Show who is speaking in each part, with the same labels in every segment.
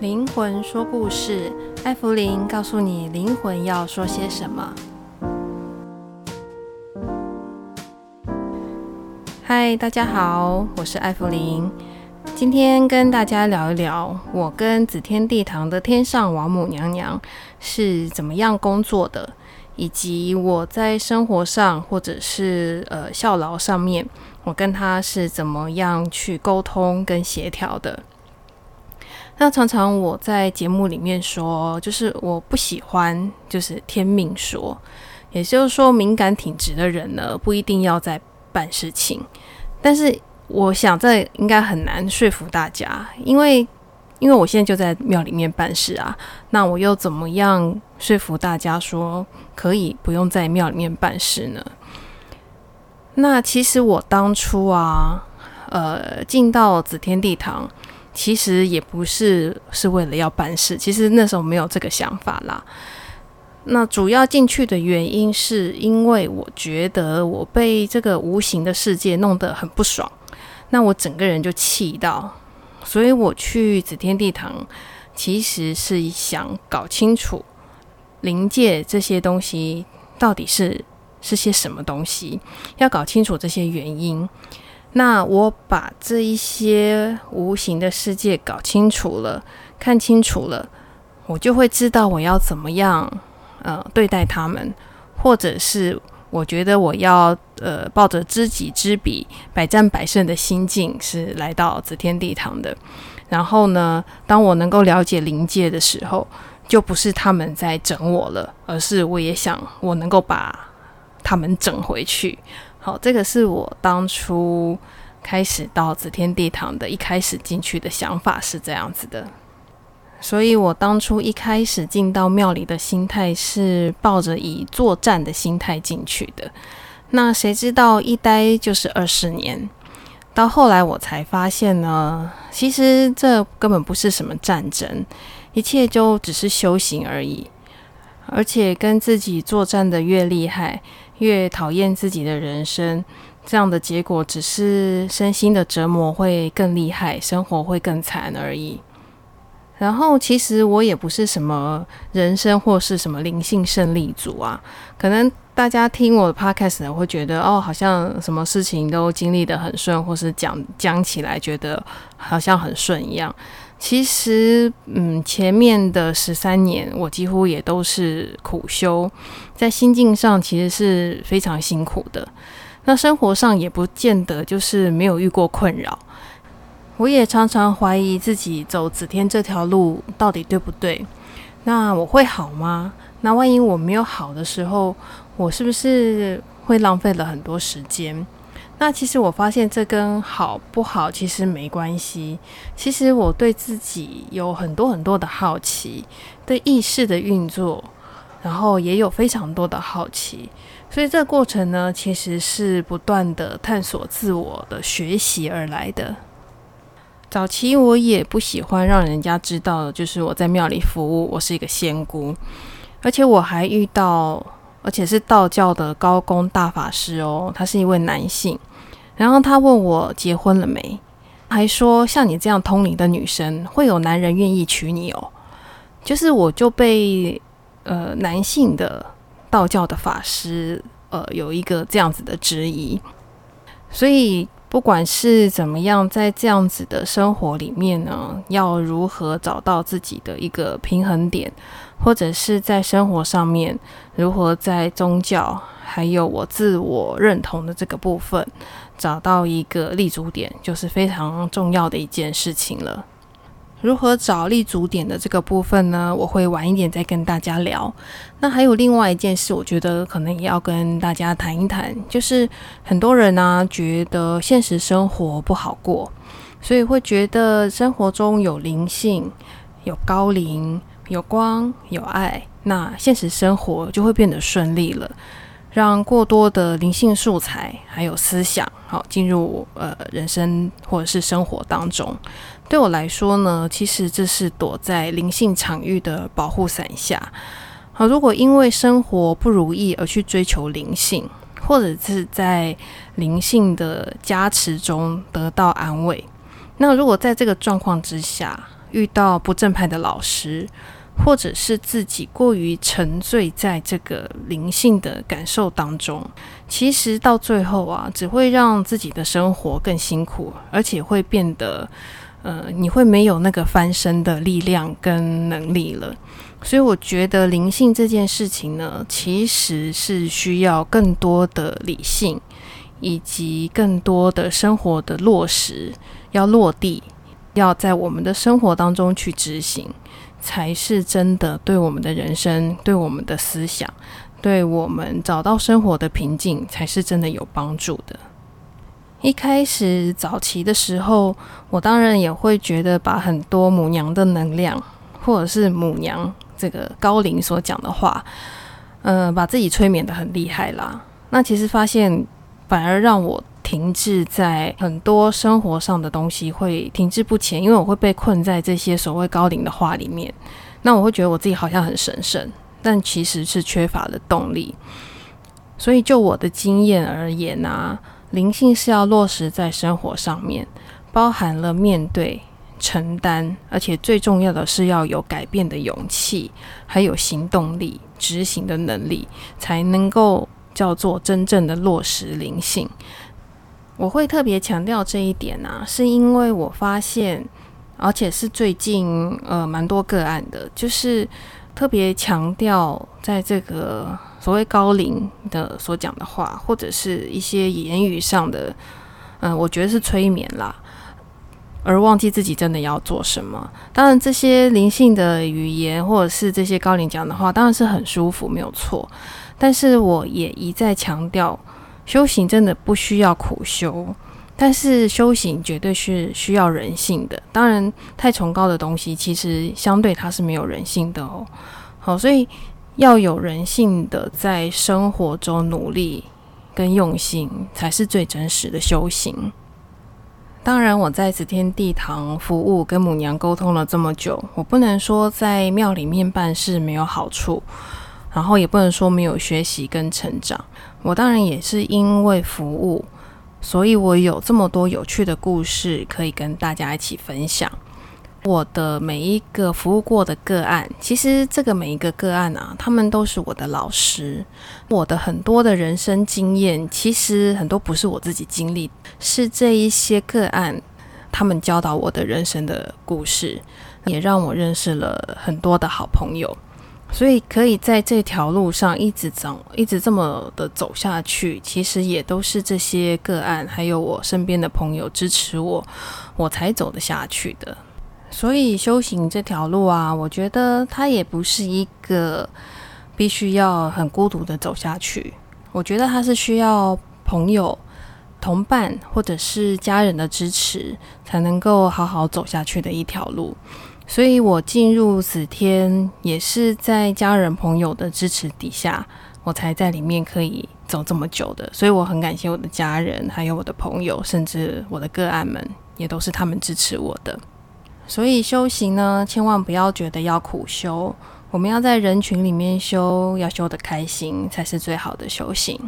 Speaker 1: 靈魂說故事，艾芙靈告訴你靈魂要說些什麼。嗨，大家好，我是艾芙靈。今天跟大家聊一聊，我跟紫天帝堂的天上王母娘娘是怎麼樣工作的，以及我在生活上或者是呃效勞上面，我跟她是怎麼樣去溝通跟協調的。那常常我在節目裡面說，就是我不喜歡就是天命說，也就是說敏感體質的人呢，不一定要在辦事情。但是我想這應該很難說服大家，因為因為我現在就在廟裡面辦事啊，那我又怎麼樣說服大家說可以不用在廟裡面辦事呢？那其實我當初啊，呃，進到紫天地堂。其實也不是是為了要辦事，其實那時候沒有這個想法啦。那主要進去的原因是因為我覺得我被這個無形的世界弄得很不爽，那我整個人就氣到，所以我去紫天地堂，其實是想搞清楚靈界這些東西到底是是些什麼東西，要搞清楚這些原因。那我把這一些無形的世界搞清楚了，看清楚了，我就會知道我要怎麼樣，呃，對待他們，或者是我覺得我要呃，抱着知己知彼，百戰百勝的心境是來到紫天地堂的。然後呢，當我能夠了解靈界的時候，就不是他們在整我了，而是我也想我能夠把他們整回去。好，這個是我當初開始到紫天地堂的一開始進去的想法是這樣子的，所以我當初一開始進到廟裡的心態是抱着以作戰的心態進去的。那誰知道一待就是二十年，到後來我才發現呢，其實這根本不是什麼戰爭，一切就只是修行而已，而且跟自己作戰得越厲害。越討厭自己的人生，這樣的結果只是身心的折磨會更厲害，生活會更慘而已。然後，其實我也不是什麼人生或是什麼靈性勝利組啊。可能大家聽我的 podcast 呢會覺得，哦，好像什麼事情都經歷得很順，或是講講起來覺得好像很順一樣。其實，嗯，前面的十三年，我幾乎也都是苦修，在心境上，其實是非常辛苦的。那生活上也不見得就是沒有遇過困擾。我也常常懷疑自己走子天這條路到底對不對？那我會好嗎？那萬一我沒有好的時候，我是不是會浪費了很多時間？那其實我發現這跟好不好其實沒關係。其實我對自己有很多很多的好奇，對意識的運作，然後也有非常多的好奇。所以這個過程呢，其實是不斷的探索自我的學習而來的。早期我也不喜歡讓人家知道，就是我在廟裡服務，我是一個仙姑。而且我還遇到，而且是道教的高功大法師哦，他是一位男性。然後他問我結婚了沒，還說像你這樣通靈的女生，會有男人願意娶你哦。就是我就被呃男性的道教的法師呃有一個這樣子的質疑，所以不管是怎麼樣，在這樣子的生活裡面呢，要如何找到自己的一個平衡點？或者是在生活上面，如何在宗教還有我自我認同的這個部分找到一個立足點，就是非常重要的一件事情了。如何找立足點的這個部分呢？我會晚一點再跟大家聊。那還有另外一件事，我覺得可能也要跟大家談一談，就是很多人呢、啊、覺得現實生活不好過，所以會覺得生活中有靈性，有高靈。有光有愛，那現實生活就會變得順利了，讓過多的靈性素材還有思想，好進入呃人生或者是生活當中。對我來說呢，其實這是躲在靈性場域的保護傘下。好，如果因為生活不如意而去追求靈性，或者是在靈性的加持中得到安慰，那如果在這個狀況之下遇到不正派的老師，或者是自己過於沉醉在這個靈性的感受當中，其實到最後啊，只會讓自己的生活更辛苦，而且會變得，呃，你會沒有那個翻身的力量跟能力了。所以我覺得靈性這件事情呢，其實是需要更多的理性，以及更多的生活的落實，要落地。要在我們的生活當中去執行，才是真的對我們的人生、對我們的思想、對我們找到生活的平靜，才是真的有幫助的。一開始早期的時候，我當然也會覺得把很多母娘的能量，或者是母娘這個高靈所講的話，呃，把自己催眠得很厲害啦。那其實發現反而讓我停滯在很多生活上的東西會停滯不前，因為我會被困在這些所謂高靈的話裡面。那我會覺得我自己好像很神聖，但其實是缺乏了動力。所以就我的經驗而言啊，靈性是要落實在生活上面，包含了面對、承擔，而且最重要的是要有改變的勇氣，還有行動力、執行的能力，才能夠叫做真正的落實靈性。我會特別強調這一點啊，是因為我發現，而且是最近呃蠻多個案的，就是特別強調在這個所謂高靈的所講的話，或者是一些言語上的，嗯、呃，我覺得是催眠啦，而忘記自己真的要做什麼。當然，這些靈性的語言或者是這些高靈講的話，當然是很舒服，沒有錯。但是我也一再強調。修行真的不需要苦修，但是修行絕對是需要人性的。當然，太崇高的東西其實相對它是沒有人性的哦。好，所以要有人性的，在生活中努力跟用心，才是最真實的修行。當然，我在紫天地堂服務，跟母娘溝通了這麼久，我不能說在廟裡面辦事沒有好處，然後也不能說沒有學習跟成長。我當然也是因為服務，所以我有這麼多有趣的故事可以跟大家一起分享。我的每一個服務過的個案，其實這個每一個個案啊，他們都是我的老師。我的很多的人生經驗，其實很多不是我自己經歷，是這一些個案他們教導我的人生的故事，也讓我認識了很多的好朋友。所以可以在這條路上一直走，一直這麼的走下去，其實也都是這些個案，還有我身邊的朋友支持我，我才走得下去的。所以修行這條路啊，我覺得它也不是一個必須要很孤獨的走下去，我覺得它是需要朋友、同伴或者是家人的支持，才能夠好好走下去的一條路。所以，我進入此天也是在家人朋友的支持底下，我才在裡面可以走這麼久的。所以，我很感謝我的家人，還有我的朋友，甚至我的個案們，也都是他們支持我的。所以，修行呢，千萬不要覺得要苦修，我們要在人群裡面修，要修得開心，才是最好的修行。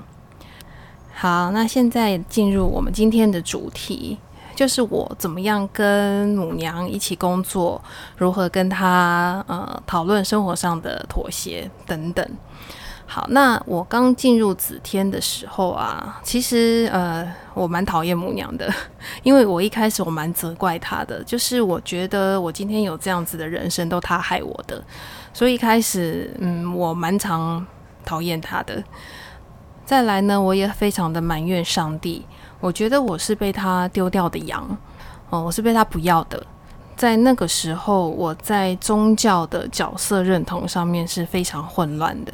Speaker 1: 好，那現在進入我們今天的主題。就是我怎麼樣跟母娘一起工作，如何跟她呃討論生活上的妥協等等。好，那我剛進入子天的時候啊，其實呃我蠻討厭母娘的，因為我一開始我蠻責怪她的，就是我覺得我今天有這樣子的人生都她害我的，所以一開始嗯我蠻常討厭她的。再來呢，我也非常的埋怨上帝。我覺得我是被他丟掉的羊，哦，我是被他不要的。在那個時候，我在宗教的角色認同上面是非常混亂的。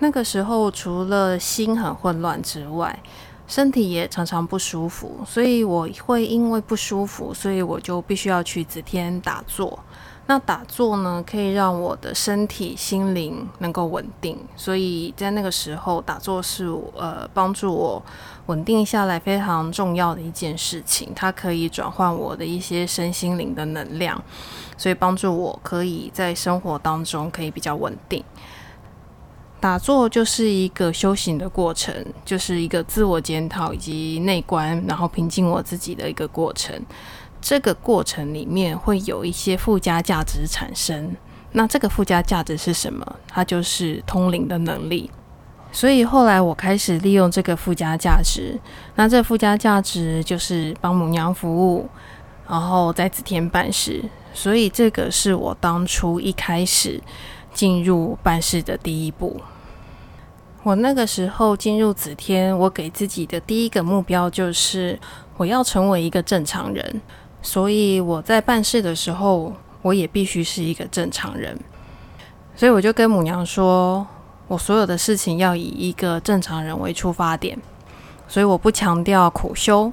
Speaker 1: 那個時候，除了心很混亂之外，身體也常常不舒服，所以我會因為不舒服，所以我就必須要去整天打坐。那打坐呢，可以讓我的身體、心靈能夠穩定，所以在那個時候，打坐是呃幫助我穩定下來非常重要的一件事情。它可以轉換我的一些身心靈的能量，所以幫助我可以在生活當中可以比較穩定。打坐就是一個修行的過程，就是一個自我檢討以及內觀，然後平靜我自己的一個過程。這個過程裡面會有一些附加價值產生，那這個附加價值是什麼？它就是通靈的能力。所以後來我開始利用這個附加價值，那這附加價值就是幫母娘服務，然後在子天辦事。所以這個是我當初一開始進入辦事的第一步。我那個時候進入子天，我給自己的第一個目標就是我要成為一個正常人。所以我在辦事的時候，我也必須是一個正常人。所以我就跟母娘說，我所有的事情要以一個正常人為出發點。所以我不強調苦修，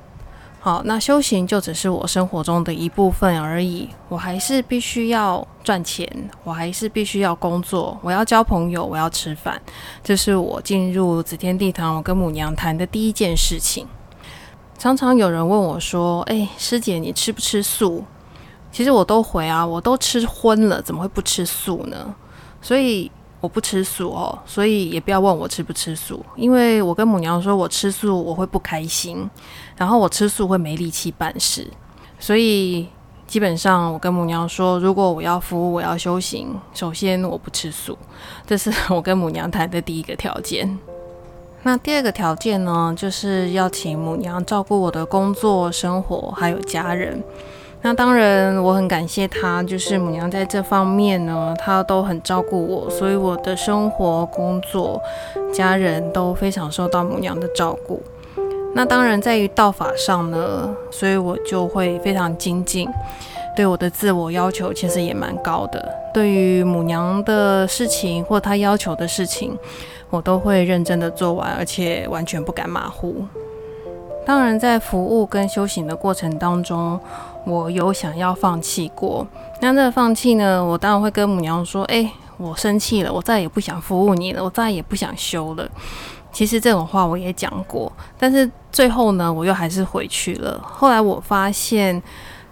Speaker 1: 好，那修行就只是我生活中的一部分而已。我還是必須要賺錢，我還是必須要工作，我要交朋友，我要吃飯。這是我進入紫天地堂，我跟母娘談的第一件事情。常常有人問我說：“哎，師姐，你吃不吃素？”其實我都回啊，我都吃葷了，怎麼會不吃素呢？所以我不吃素哦，所以也不要問我吃不吃素，因為我跟母娘說，我吃素我會不開心，然後我吃素會沒力氣辦事，所以基本上我跟母娘說，如果我要服務，我要修行，首先我不吃素，這是我跟母娘談的第一個條件。那第二個條件呢，就是要請母娘照顧我的工作、生活，還有家人。那當然，我很感謝她，就是母娘在這方面呢，她都很照顧我，所以我的生活、工作、家人都非常受到母娘的照顧。那當然，在於道法上呢，所以我就會非常精進，對我的自我要求其實也蠻高的。對於母娘的事情或她要求的事情。我都會認真的做完，而且完全不敢馬虎。當然，在服務跟修行的過程當中，我有想要放棄過。那這個放棄呢，我當然會跟母娘說：“哎，我生氣了，我再也不想服務你了，我再也不想修了。”其實這種話我也講過，但是最後呢，我又還是回去了。後來我發現，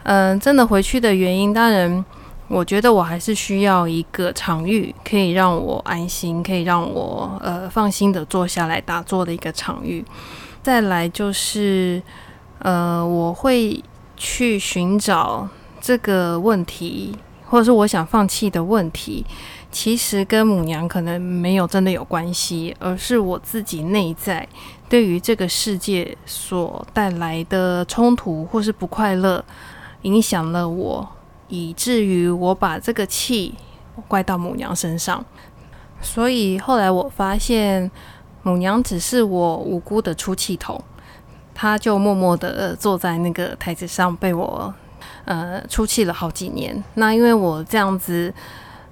Speaker 1: 嗯、呃，真的回去的原因，當然。我覺得我還是需要一個場域，可以讓我安心，可以讓我呃放心的坐下來打坐的一個場域。再來就是，呃，我會去尋找這個問題，或者是我想放棄的問題，其實跟母娘可能沒有真的有關係，而是我自己內在對於這個世界所帶來的衝突或是不快樂，影響了我。以至於我把這個氣怪到母娘身上，所以後來我發現母娘只是我無辜的出氣筒，她就默默地坐在那個檯子上被我呃出氣了好幾年。那因為我這樣子。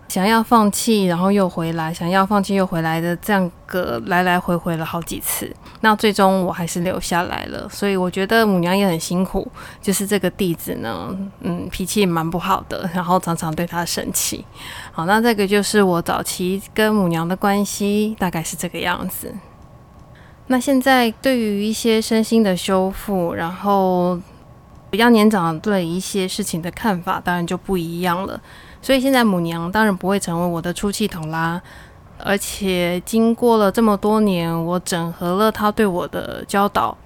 Speaker 1: 想要放棄，然後又回來；想要放棄又回來的，這樣個來來回回了好幾次。那最終我還是留下來了。所以我覺得母娘也很辛苦。就是這個弟子呢，嗯，脾氣也蠻不好的，然後常常對他生氣。好，那這個就是我早期跟母娘的關係，大概是這個樣子。那現在對於一些身心的修復，然後，比較年長，對一些事情的看法當然就不一樣了。所以現在母娘當然不會成為我的出氣筒啦。而且經過了這麼多年，我整合了祂對我的教導。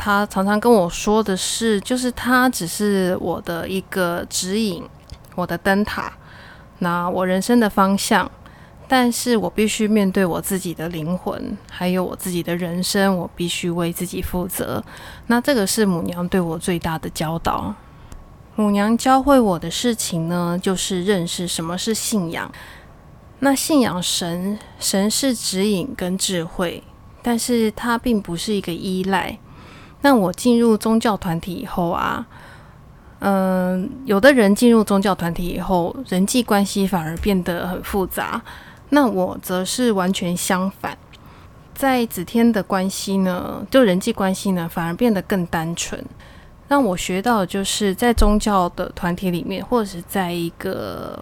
Speaker 1: 祂常常跟我說的是，就是祂只是我的一個指引，我的燈塔，那我人生的方向。但是我必須面對我自己的靈魂，還有我自己的人生，我必須為自己負責。那這個是母娘對我最大的教導。母娘教會我的事情呢，就是認識什麼是信仰。那信仰神，神是指引跟智慧，但是它並不是一個依賴。那我進入宗教團體以後啊，嗯、呃，有的人進入宗教團體以後，人際關係反而變得很複雜。那我則是完全相反，在幾天的關係呢，就人際關係呢，反而變得更單純。讓我學到的就是，在宗教的團體裡面，或者是在一個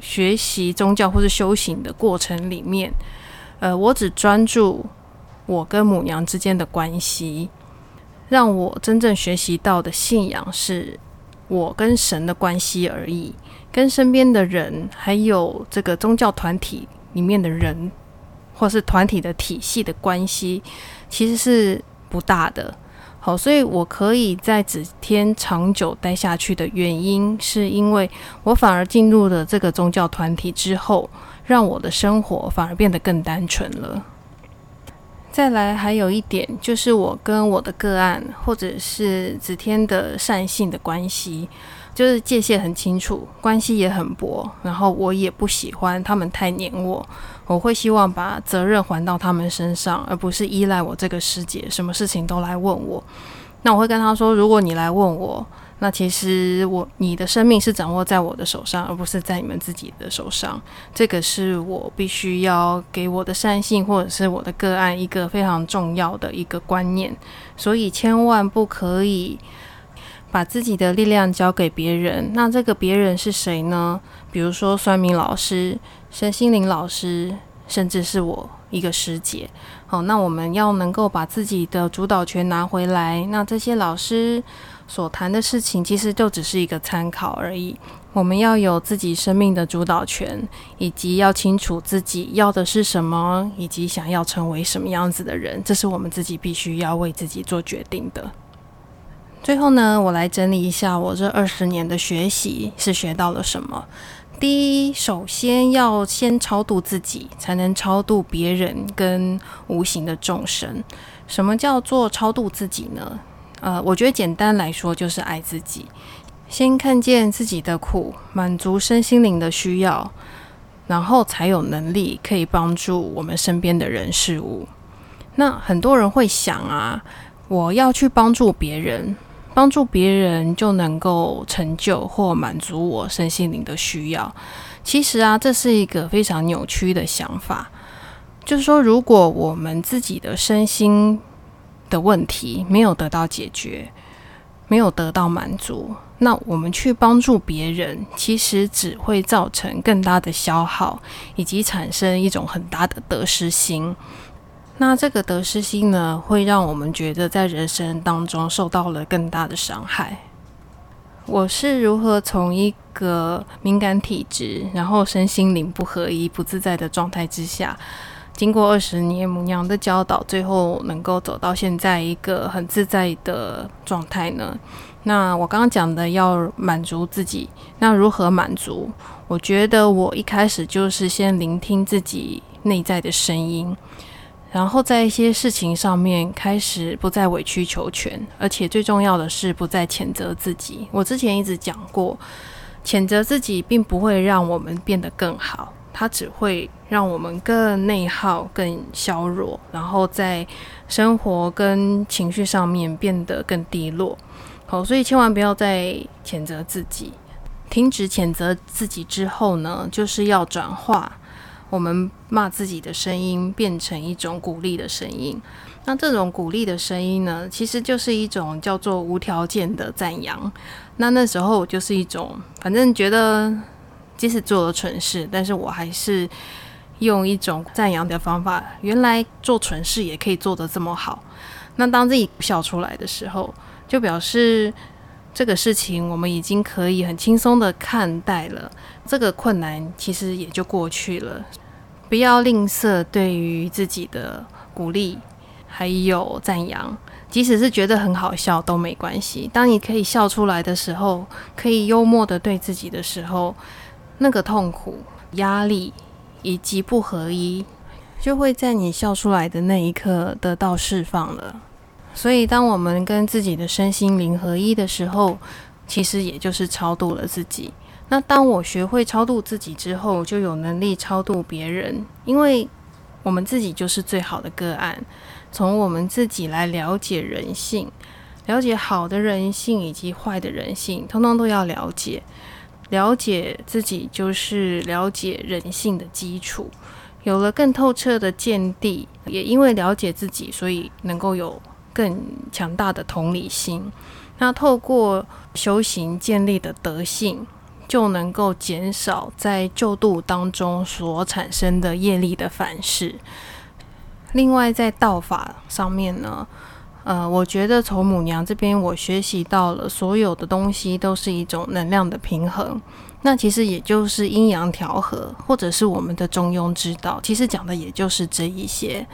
Speaker 1: 學習宗教或是修行的過程裡面，呃，我只專注我跟母娘之間的關係，讓我真正學習到的信仰是，我跟神的關係而已，跟身邊的人還有這個宗教團體。裡面的人，或是團體的體系的關係，其實是不大的。好，所以我可以在紫天長久待下去的原因，是因為我反而進入了這個宗教團體之後，讓我的生活反而變得更單純了。再來，還有一點就是我跟我的個案，或者是子天的善性的關係，就是界限很清楚，關係也很薄。然後我也不喜歡他們太黏我，我會希望把責任還到他們身上，而不是依賴我這個師姐，什麼事情都來問我。那我會跟他說，如果你來問我，那其實我你的生命是掌握在我的手上，而不是在你們自己的手上。這個是我必須要給我的善信或者是我的個案一個非常重要的一個觀念。所以千萬不可以把自己的力量交給別人。那這個別人是誰呢？比如說算命老師、身心靈老師，甚至是我一個師姐。哦，那我們要能夠把自己的主導權拿回來。那這些老師所談的事情，其實就只是一個參考而已。我們要有自己生命的主導權，以及要清楚自己要的是什麼，以及想要成為什麼樣子的人，這是我們自己必須要為自己做決定的。最後呢，我來整理一下我這二十年的學習是學到了什麼。第一，首先要先超度自己，才能超度別人跟無形的眾生。什麼叫做超度自己呢？呃，我覺得簡單來說就是愛自己，先看見自己的苦，滿足身心靈的需要，然後才有能力可以幫助我們身邊的人事物。那很多人會想啊，我要去幫助別人。幫助別人就能夠成就或滿足我身心靈的需要。其實啊，這是一個非常扭曲的想法。就是說，如果我們自己的身心的問題沒有得到解決，沒有得到滿足，那我們去幫助別人，其實只會造成更大的消耗，以及產生一種很大的得失心。那這個得失心呢，會讓我們覺得在人生當中受到了更大的傷害。我是如何從一個敏感體質，然後身心靈不合一、不自在的狀態之下，經過二十年母娘的教導，最後能夠走到現在一個很自在的狀態呢？那我剛剛講的要滿足自己，那如何滿足？我覺得我一開始就是先聆聽自己內在的聲音。然後在一些事情上面開始不再委曲求全，而且最重要的是不再譴責自己。我之前一直講過，譴責自己並不會讓我們變得更好，它只會讓我們更內耗、更削弱，然後在生活跟情緒上面變得更低落。好，所以千萬不要再譴責自己。停止譴責自己之後呢，就是要轉化。我們罵自己的聲音變成一種鼓勵的聲音，那這種鼓勵的聲音呢，其實就是一種叫做無條件的讚揚。那那時候我就是一種，反正覺得即使做了蠢事，但是我還是用一種讚揚的方法，原來做蠢事也可以做得這麼好。那當自己笑出來的時候，就表示這個事情我們已經可以很輕鬆的看待了，這個困難其實也就過去了。不要吝嗇對於自己的鼓勵，還有讚揚，即使是覺得很好笑都沒關係。當你可以笑出來的時候，可以幽默地對自己的時候，那個痛苦、壓力以及不合一，就會在你笑出來的那一刻得到釋放了。所以，當我們跟自己的身心靈合一的時候，其實也就是超度了自己。那當我學會超度自己之後，就有能力超度別人。因為我們自己就是最好的個案，從我們自己來了解人性，了解好的人性以及壞的人性，通通都要了解。了解自己就是了解人性的基礎。有了更透徹的見地，也因為了解自己，所以能夠有更強大的同理心。那透過修行建立的德性。就能夠減少在救度當中所產生的業力的反噬。另外，在道法上面呢，呃，我覺得從母娘這邊我學習到了，所有的東西都是一種能量的平衡。那其實也就是陰陽調和，或者是我們的中庸之道。其實講的也就是這一些。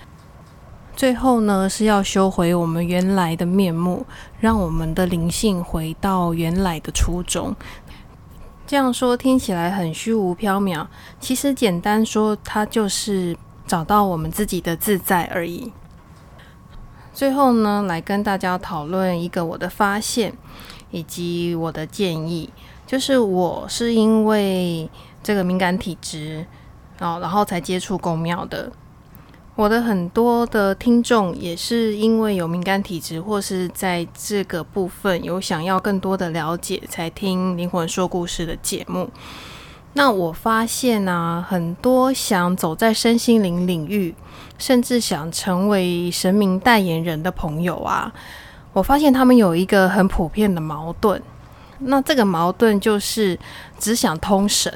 Speaker 1: 最後呢，是要修回我們原來的面目，讓我們的靈性回到原來的初衷。這樣說聽起來很虛無縹緲，其實簡單說，它就是找到我們自己的自在而已。最後呢，來跟大家討論一個我的發現以及我的建議，就是我是因為這個敏感體質，哦，然後才接觸宮廟的。我的很多的聽眾也是因為有敏感體質，或是在這個部分有想要更多的了解，才聽《靈魂說故事》的節目。那我發現啊，很多想走在身心靈領域，甚至想成為神明代言人的朋友啊，我發現他們有一個很普遍的矛盾。那這個矛盾就是只想通神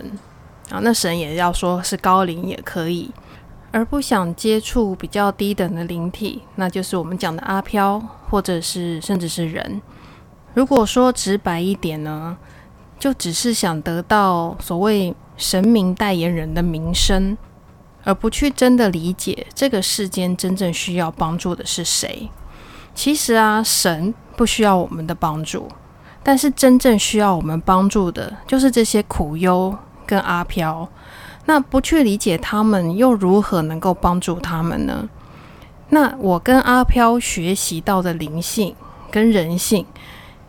Speaker 1: 啊，那神也要說是高靈，也可以，而不想接觸比較低等的靈體，那就是我們講的阿飄，或者是甚至是人。如果說直白一點呢，就只是想得到所謂神明代言人的名聲，而不去真的理解這個世間真正需要幫助的是誰。其實啊，神不需要我們的幫助，但是真正需要我們幫助的就是這些苦憂跟阿飄。那不去理解他們，又如何能夠幫助他們呢？那我跟阿飄學習到的靈性跟人性，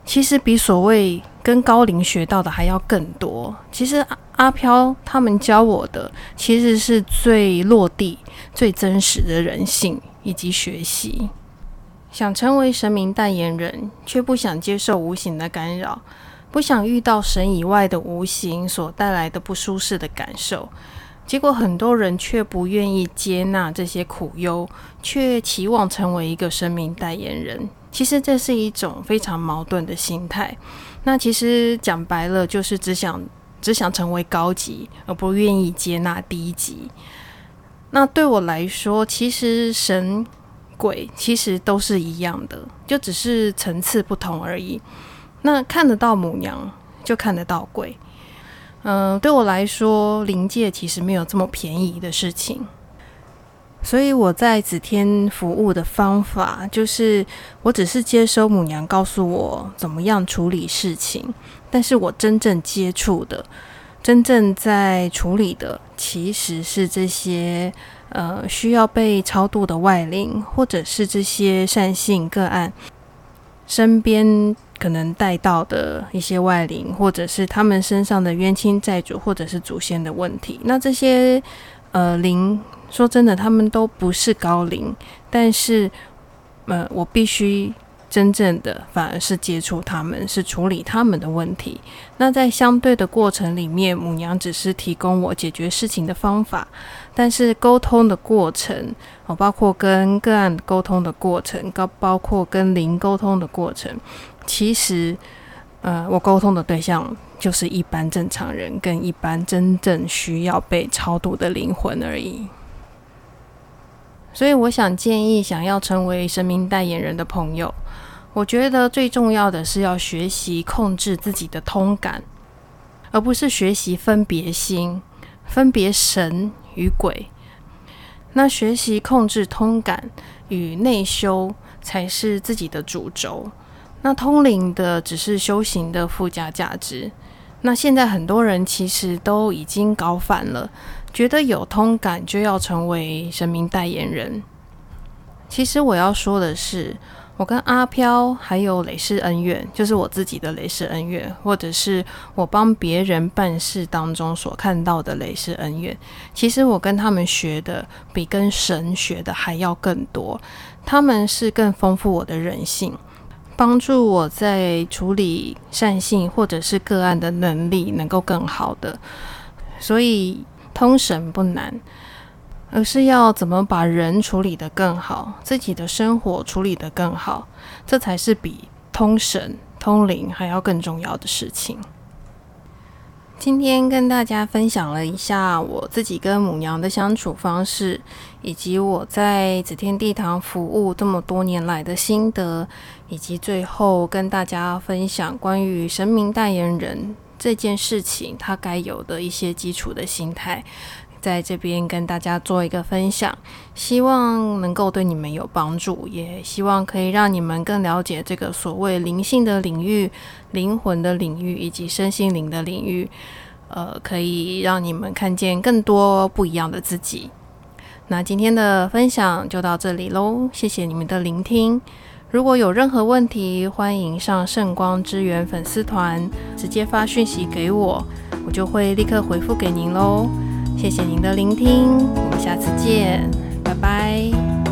Speaker 1: 其實比所謂跟高靈學到的還要更多。其實阿飄他們教我的，其實是最落地、最真實的人性以及學習。想成為神明代言人，卻不想接受無形的干擾。不想遇到神以外的無形所帶來的不舒適的感受，結果很多人卻不願意接納這些苦憂，卻期望成為一個神明代言人。其實這是一種非常矛盾的心態。那其實講白了，就是只想只想成為高級，而不願意接納低級。那對我來說，其實神鬼其實都是一樣的，就只是層次不同而已。那看得到母娘，就看得到鬼。嗯、呃，對我來說，靈界其實沒有這麼便宜的事情。所以我在子天服務的方法，就是我只是接收母娘告訴我怎麼樣處理事情，但是我真正接觸的、真正在處理的，其實是這些呃需要被超度的外靈，或者是這些善信個案身邊。可能帶到的一些外靈，或者是他們身上的冤親債主，或者是祖先的問題。那這些呃靈，說真的，他們都不是高靈，但是呃，我必須。真正的反而是接觸他們，是處理他們的問題。那在相對的過程裡面，母娘只是提供我解決事情的方法，但是溝通的過程，哦，包括跟個案溝通的過程，包括跟靈溝通的過程，其實，呃，我溝通的對象就是一般正常人跟一般真正需要被超度的靈魂而已。所以，我想建議想要成為神明代言人的朋友。我覺得最重要的是要學習控制自己的通感，而不是學習分別心、分別神與鬼。那學習控制通感與內修才是自己的主軸。那通靈的只是修行的附加價值。那現在很多人其實都已經搞反了，覺得有通感就要成為神明代言人。其實我要說的是。我跟阿飄還有累世恩怨，就是我自己的累世恩怨，或者是我幫別人辦事當中所看到的累世恩怨。其實我跟他們學的比跟神學的還要更多，他們是更豐富我的人性，幫助我在處理善性或者是個案的能力能夠更好的。所以通神不難。而是要怎麼把人處理得更好，自己的生活處理得更好，這才是比通神、通靈還要更重要的事情。今天跟大家分享了一下我自己跟母娘的相處方式，以及我在紫天地堂服務這麼多年來的心得，以及最後跟大家分享關於神明代言人這件事情，他該有的一些基礎的心態。在這邊跟大家做一個分享，希望能夠對你們有幫助，也希望可以讓你們更了解這個所謂靈性的領域、靈魂的領域以及身心靈的領域，呃，可以讓你們看見更多不一樣的自己。那今天的分享就到這裡嘍，謝謝你們的聆聽。如果有任何問題，歡迎上聖光之源粉絲團，直接發訊息給我，我就會立刻回復給您嘍。謝謝您的聆聽，我們下次見，拜拜。